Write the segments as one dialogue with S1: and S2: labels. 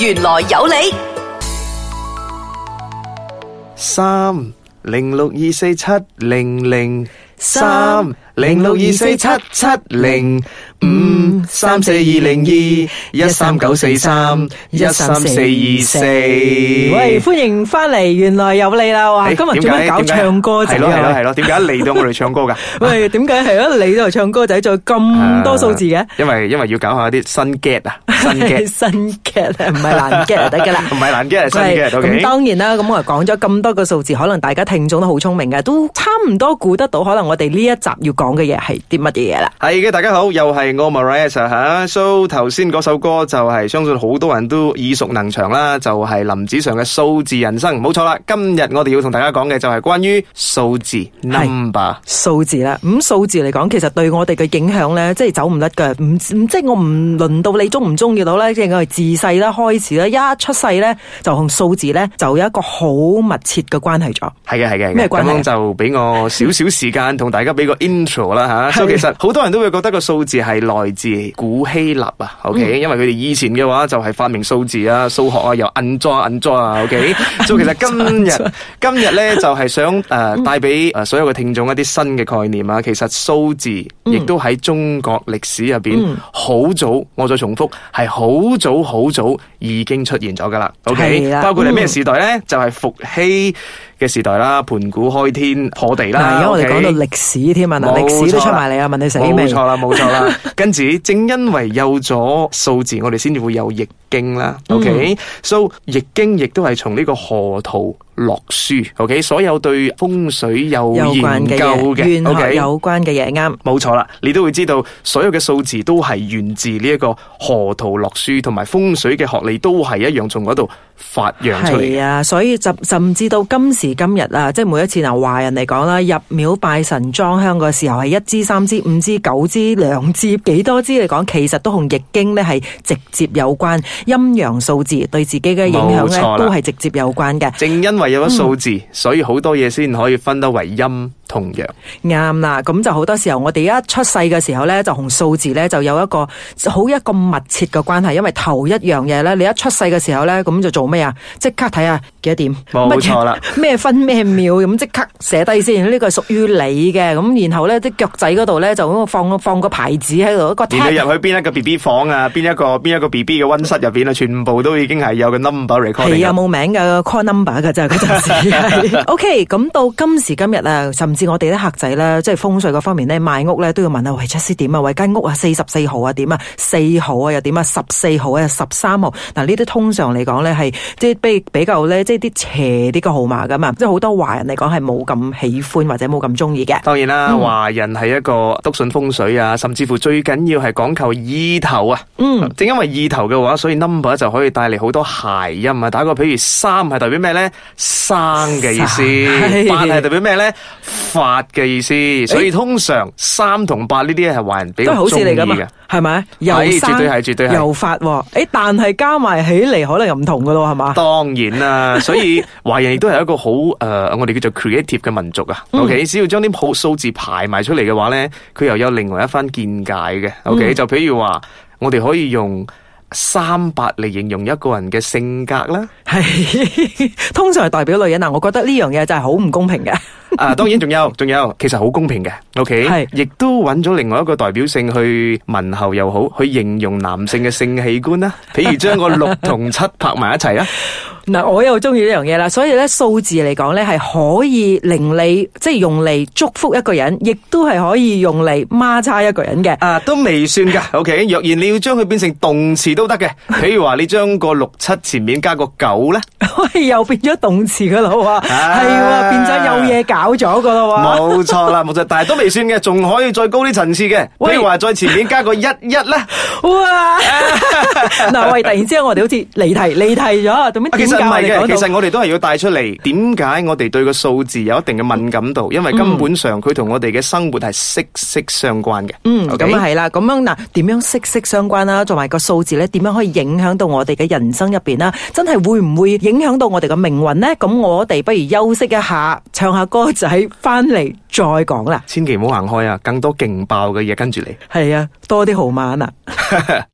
S1: 原來有你，三零六二四七零零三。三零六二四
S2: 七七零五三四二零二一三九四三一三四二四，喂，歡迎翻嚟，玄來有你啦！我係今日做乜搞唱歌仔？係咯係咯係咯，點解嚟到我哋
S1: 唱歌噶？喂，
S2: 點解係咯嚟到嚟唱歌仔做咁多數字嘅？
S1: 因為因為要搞下啲新 get 啊，新 get
S2: 新 get 唔係難 get 得噶啦，唔
S1: 係難 get 係新 get。咁當
S2: 然啦，咁我哋講咗咁多個數字，可能大家聽眾都好聰明嘅，都差唔多估得到，可能我哋呢一集要講。講嘅嘢係啲乜嘢嘢啦？
S1: 係嘅，大家好，又係我 Maria 吓、啊。So 頭先嗰首歌就係、是、相信好多人都耳熟能詳啦，就係、是、林子祥嘅《數字人生》。冇錯啦，今日我哋要同大家講嘅就係關於數字是 number
S2: 數字啦。咁、嗯、數字嚟講，其實對我哋嘅影響咧，即係走唔甩噶。唔唔，即係我唔輪到你中唔中意到咧，即係佢自細咧開始啦，一出世咧就同數字咧就有一個好密切嘅關係咗。係
S1: 嘅，係嘅，咁樣就俾我少少時間同 大家俾個 intro 啦吓，所以其實好多人都會覺得個數字係來自古希臘啊，OK，、嗯、因為佢哋以前嘅話就係發明數字啊、數學啊，又印莊啊、印莊啊，OK， 其實今日 今日咧就係、是、想誒帶俾所有嘅聽眾一啲新嘅概念啊，其實數字亦都喺中國歷史入邊好早，我再重複係好早好早已經出現咗噶啦，OK，的包括係咩時代咧，嗯、就係伏羲嘅時代啦，盤古開天破地啦，而家、嗯、我
S2: 哋講 okay? 到歷史添啊。屎都出埋嚟啊！問你死未？冇錯
S1: 啦，冇錯啦。 跟住，正因為有咗數字，我哋先至會有易。經啦，OK，所以、mm. so, 易經亦都係從呢個河圖洛書，OK，所有對風水有研究嘅有
S2: 關嘅嘢啱，冇 Okay?、okay? 錯啦，
S1: 你都會知道，所有嘅數字都係源自呢一個河圖洛書，同埋風水嘅學理都係一樣,從樣，從嗰度發揚出嚟
S2: 啊！所以就，甚甚至到今時今日啊，即係每一次嗱華人嚟講啦，入廟拜神、裝香嘅時候，係一支、三支、五支、九支、兩支，幾多支嚟講，其實都同易經咧係直接有關。陰陽數字對自己嘅影響都係直接有關嘅。
S1: 正因為有咗數字，嗯，所以好多嘢先可以分得為陰。
S2: 同樣啱啦，咁就好多時候我哋一出世嘅時候咧，就同數字咧就有一個好一個密切嘅關係，因為頭一樣嘢咧，你一出世嘅時候咧，咁就做咩啊？即刻睇下幾多點，冇錯啦，咩分咩秒咁即刻寫低先，呢個係屬於你嘅，咁然後咧啲腳仔嗰度咧就咁放放個牌子喺度，一個 get, 你入
S1: 去邊一個 B B 房啊，邊一個邊一個 B B 嘅温室入邊啊，全部都已經係有個 number r e 係啊，冇
S2: 名嘅 c number 嘅真嗰陣時，O K，咁到今時今日啊，甚至。我哋啲客仔咧，即係風水嗰方面咧，賣屋咧都要問啊，為出師點啊，為間屋啊，四十四號啊，點啊，四號啊，又點啊，十四號啊，十三號。嗱，呢啲通常嚟講咧，係即係比比較咧，即係啲邪啲嘅號碼噶嘛，即係好多華人嚟講係冇咁喜歡或者冇咁中意嘅。當然啦，華人係一個
S1: 篤信風水啊，甚至乎最緊要係講求意頭啊。嗯，正因為意頭嘅話，所以 number 就可以帶嚟好多諧音啊。打個譬如，三係代表咩咧？生嘅意思。八係是代表咩咧？發嘅意思，所以通常三同八呢啲係華人比較中意嘅，
S2: 係咪？又三又八，誒、哎哦哎，但係加埋起嚟可能又唔同噶咯，係嘛？
S1: 當然啦，所以華人亦都係一個好誒、 呃，我哋叫做 creative 嘅民族啊。O、okay? K，、嗯、只要將啲數數字排埋出嚟嘅話咧，佢又有另外一番見解嘅。O、okay? K，、嗯、就譬如話，我哋可以用三八嚟形容一個人嘅性格啦。
S2: 係通常係代表女人嗱，我覺得呢樣嘢就係好唔公平嘅。
S1: 啊，當然仲有仲有，其實好公平嘅。O K 係，亦都揾咗另外一個代表性去問候又好，去形容男性嘅性器官啦。譬如將個六同七拍埋一齊啊。
S2: 嗱，我又中意呢樣嘢啦，所以咧數字嚟講咧係可以令你即係用嚟祝福一個人，亦都係可以用嚟孖叉一個人嘅。啊，
S1: 都未算噶。O K，若然你要將佢變成動詞都得嘅，譬如話你將個六七前面加個九。好
S2: 咧，喂，又變咗動詞噶啦，係
S1: 喎，變咗有嘢
S2: 搞咗噶啦，冇
S1: 錯啦，冇錯，但係都未算嘅，仲可以再高啲層次
S2: 嘅，比如話再前面加個一一咧，哇，嗱，喂，突然之間我哋好似離題，離題咗，做咩？其實唔係嘅，其實
S1: 我哋都係要帶出嚟，點解我哋對個數字有一定嘅敏感度？因為根本上佢同我哋嘅生活係息息相關
S2: 嘅。嗯，咁啊係啦，咁樣嗱，點樣息息相關啦？同埋個數字咧，點樣可以影響到我哋嘅人生入邊啦？真係會唔？會影響到我哋嘅命運呢？咁我哋不如休息一下，唱下歌仔，翻嚟再講啦。千祈唔好行開啊！更多勁爆嘅嘢跟住你。係啊，多啲豪晚啊！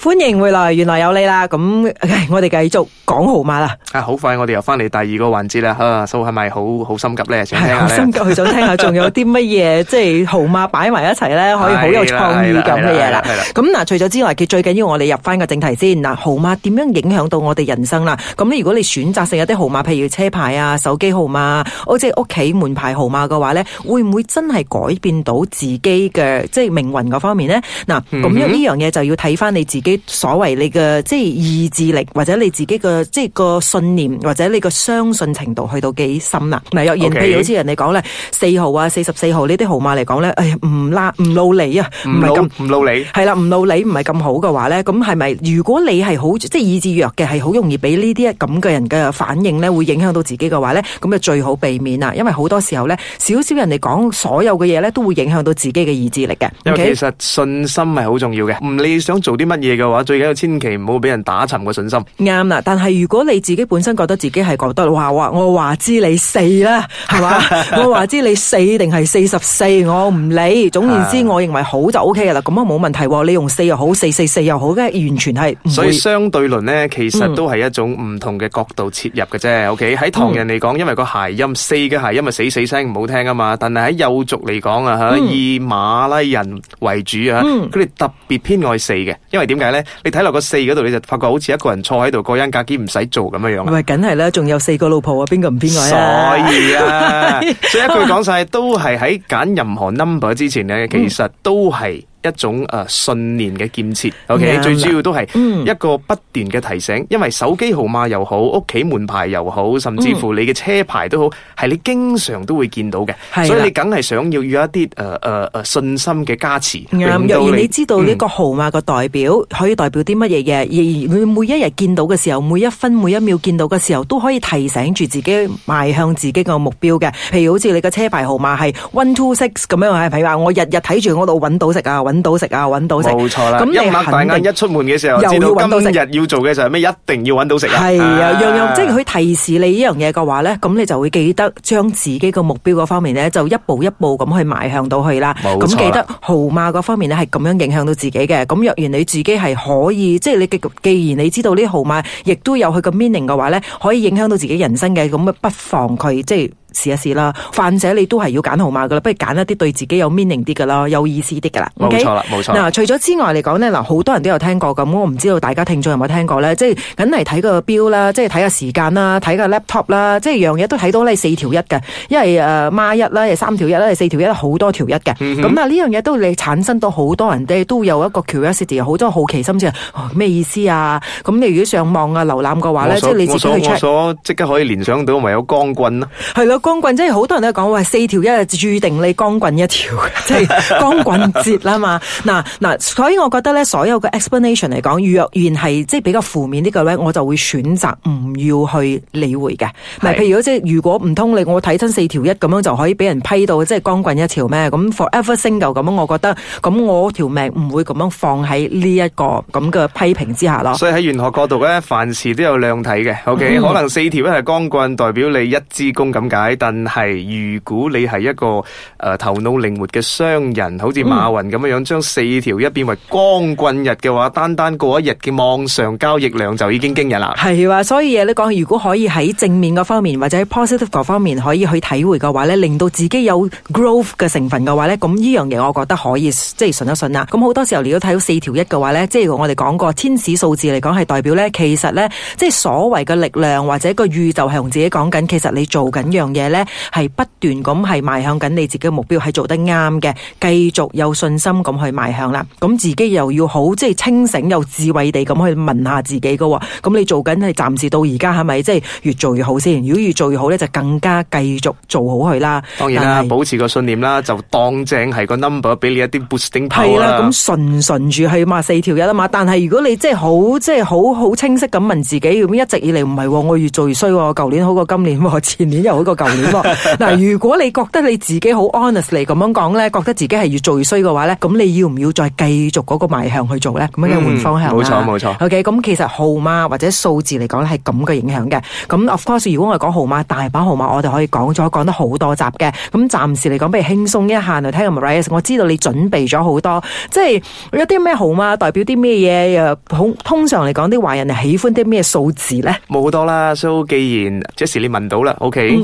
S2: 歡迎回來，玄來有理啦！咁我哋繼續。講號碼啦，
S1: 啊，好快，我哋又翻嚟第二個環節啦。啊，蘇係咪好好心急咧？想聽下 心急
S2: 去想聽下，仲有啲乜嘢即係號碼擺埋一齊咧，可以好有創意咁嘅嘢啦。咁嗱、哎哎哎哎，除咗之外，佢最緊要我哋入翻個正題先。嗱，號碼點樣影響到我哋人生啦？咁如果你選擇性一啲號碼，譬如車牌啊、手機號碼、我即係屋企門牌號碼嘅話咧，會唔會真係改變到自己嘅即係命運嗰方面咧？嗱、嗯哼，咁樣呢樣嘢就要睇翻你自己所謂你嘅即係意志力或者你自己嘅。即係個信念或者你個相信程度去到幾深啊？唔係，若然譬 Okay. 如好似人哋講咧，四號啊、四十四號呢啲號碼嚟講咧，哎呀，唔啦，唔老利啊，唔係咁唔老利，係啦，唔老利，唔係咁好嘅話咧，咁係咪？如果你係好即係意志弱嘅，係好容易俾呢啲咁嘅人嘅反應咧，會影響到自己嘅話咧，咁啊最好避免啊，因為好多時候咧，少少人哋講所有嘅嘢咧，都會影響到自己嘅意志力嘅。因為 Okay? 其實
S1: 信心係好重要嘅，唔理你想做啲乜嘢嘅話，最緊要千祈唔好俾人打沉個信心。
S2: 啱啦，但係。如果你自己本身覺得自己係覺得話話，我話知你四啦，係嘛？我話知你四定係四十四，我唔理。總言之，我認為好就 OK 嘅啦，咁啊冇問題。你用四又好，四四四又好，嘅完全係。所以相
S1: 對論咧，其實都係一種唔同嘅角度切入嘅啫。OK，喺唐人嚟講，因為個諧音四嘅諧音係死死聲唔好聽啊嘛。但係喺幼族嚟講啊，嚇以馬拉人為主啊，佢哋特別偏愛四嘅，因為點解咧？你睇落個四嗰度，你就發覺好似一個人坐喺度過音格幾。唔使做咁樣樣，咪
S2: 梗係啦！仲有四個老婆誰誰啊，邊個唔邊個啊？所以啊，即係 一句講
S1: 晒，都係喺揀任何 number 之前咧，其實都係。一種誒信念嘅建設，OK，最主要都係一個不斷嘅提醒，因為手機號碼又好，屋企門牌又好，甚至乎你嘅車牌都好，係你經常都會見到嘅，所以你梗係想要有一啲誒誒誒信心嘅加持。若然你知道呢
S2: 個號碼個代表，可以代表啲乜嘢嘅？而佢每一日見到嘅時候，每一分每一秒見到嘅時候，都可以提醒住自己邁向自己個目標嘅。譬如好似你個車牌號碼係 one two six 咁樣，係譬如話我日日睇住我度搵到食啊。揾到食啊，揾到食！冇錯啦，咁你肯定一
S1: 出門嘅時候，知道今日要做嘅時候，咩？一定要揾到食啊！係啊，樣樣、啊、即係佢
S2: 提示你依樣嘢嘅話咧，咁你就會記得將自己個目標嗰方面咧，就一步一步咁去邁向到去啦。冇錯，咁記得號碼嗰方面咧係咁樣影響到自己嘅。咁若然你自己係可以，即係你既然你知道呢號碼，亦都有佢嘅 meaning 嘅話咧，可以影響到自己人生嘅咁，不妨佢即係。試一試啦，患者你都係要揀號碼噶啦，不如揀一啲對自己有 meaning 啲噶啦，有意思啲噶啦。OK，冇錯啦，冇錯。嗱，除咗之外嚟講咧，嗱，好多人都有聽過咁，我唔知道大家聽眾有冇聽過咧，即係梗係睇個表啦，即係睇個時間啦，睇個 laptop 啦，即係樣嘢都睇到咧四條一嘅，因係，誒孖一啦，三條一三條一啦，條一四條一好多條一嘅。咁啊呢樣嘢都你產生到好多人咧，都有一個 curiosity，好多好奇心即係咩意思啊？咁你如果上網啊瀏覽嘅話咧，所即係你自己去查。
S1: 即刻可以聯想到咪有光棍啦？
S2: 係咯。光棍即係好多人都講，話，四條一就注定你光棍一條，即係光棍節啦嘛。嗱嗱、 啊啊，所以我覺得咧，所有嘅 explanation 嚟講，若然係即係比較負面呢個咧，我就會選擇唔要去理會嘅。係是，譬如如果即係如果唔通你我睇親四條一咁樣就可以俾人批到，即係光棍一條咩？咁 forever single 咁樣，我覺得咁我條命唔會咁樣放喺呢一個咁嘅批評之下咯。所以
S1: 喺玄學角度咧，凡事都有兩睇嘅。O、okay? K，、嗯、可能四條一係光棍，代表你一支公咁解。但係，如果你係一個誒、呃、頭腦靈活嘅商人，好似馬雲咁樣樣將、嗯、四條一變為光棍日嘅話，單單過一日嘅網上交易量就已經驚人啦。
S2: 係話、啊，所以嘢，你講，如果可以喺正面方面或者 positive 方面可以去體會嘅話咧，令到自己有 growth 嘅成分嘅話咧，咁呢樣嘢我覺得可以即係順一順啦。咁好多時候你都睇到四條一嘅話咧，即係我哋講過天使數字嚟講係代表咧，其實咧即係所謂嘅力量或者個宇宙係同自己講緊其實你做緊樣嘢。嘢咧，係不斷咁係邁向緊你自己嘅目標，係做得啱嘅，繼續有信心咁去邁向啦。咁自己又要好，即係清醒又智慧地咁去問下自己噶。咁你做緊係暫時到而家係咪即係越做越好先？如果越做越好咧，就更加繼續做好佢啦。當然啦，
S1: 保持個信念啦，就當正係個 number 俾你一啲 boosting
S2: power。係啦，咁順順住去嘛四條友吖嘛。但係如果你即係好即係好好清晰咁問自己，咁一直以嚟唔係喎，我越做越衰喎。舊年好過今年喎，前年又好過舊。嗱， 如果你覺得你自己好 honestly 咁樣講咧，覺得自己係越做越衰嘅話咧，咁你要唔要再繼續嗰個邁向去做咧？咁樣換方向。冇錯冇錯。OK，咁錯其實號碼或者數字嚟講咧係咁嘅影響嘅。咁 of course，如果我係講號碼，大把號碼我哋可以講咗，講得好多集嘅。咁暫時嚟講，不如輕鬆一下嚟聽個 morris，我知道你準備咗好多，即係有啲咩號碼代表啲咩嘢？誒、啊，好通常嚟講，啲華人係喜歡啲咩數字咧？
S1: 冇好多啦，so 既然 Jessie 你問到啦 OK。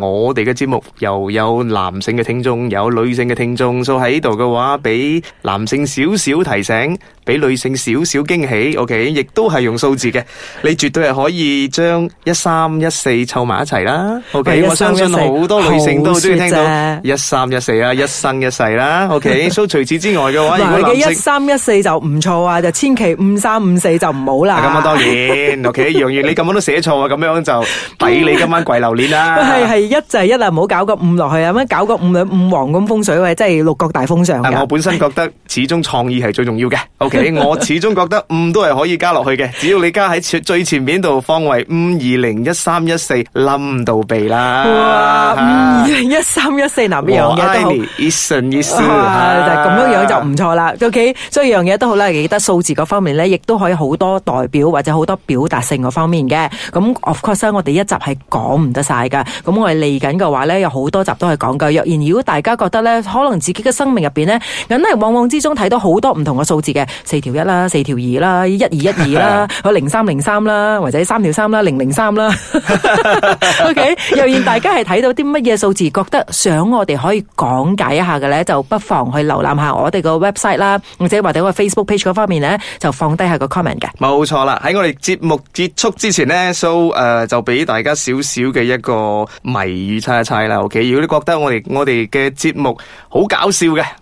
S1: 我哋嘅節目又有男性嘅聽眾，有女性嘅聽眾，數喺度嘅話，俾男性少少提醒，俾女性少少驚喜，OK，亦都係用數字嘅，你絕對係可以將一三一四湊埋一齊啦，OK，我相信好多女性都好中意聽到一三一四啊，一生一世啦，OK，所以除此之外嘅話，你嘅一
S2: 三一四就唔錯啊，就千祈五三五四就唔好啦。咁啊，當
S1: 然，OK，楊毅你咁樣都寫錯啊，咁樣就俾你今晚跪榴蓮啦，係係。
S2: 一就係一啦，唔好搞個五落去啊！咁樣搞個五兩五黃咁風水位，即係六角大風上。嗱，我本身
S1: 覺得始終創意係最重要嘅。OK，我始終覺得五都係可以加落去嘅，只要你加喺最最前面度，方位五二零一三一四冧到鼻啦。哇，
S2: 五二零一三一四，嗱，一樣嘢都好。
S1: 越順越笑啊，就咁樣樣就
S2: 唔錯啦。OK，所以樣嘢都好啦，記得數字嗰方面咧，亦都可以好多代表或者好多表達性嗰方面嘅。咁，of course 咧，我哋一集係講唔得晒噶。咁我。係嚟緊嘅話咧，有好多集都係講緊。若然如果大家覺得咧，可能自己嘅生命入邊咧，梗係往往之中睇到好多唔同嘅數字嘅，四條一啦，四條二啦，一二一二啦，有零三零三啦，或者三條三啦，零零三啦。OK，若然大家係睇到啲乜嘢數字，覺得想我哋可以講解一下嘅咧，就不妨去瀏覽下我哋個 website 啦，或者或者個 Facebook page 嗰方面咧，就放低下個 comment 嘅。
S1: 冇錯啦，喺我哋節目結束之前咧，So 誒就俾大家少少嘅一個。謎語猜一猜啦，OK？如果你覺得我哋我哋嘅節目好搞笑嘅。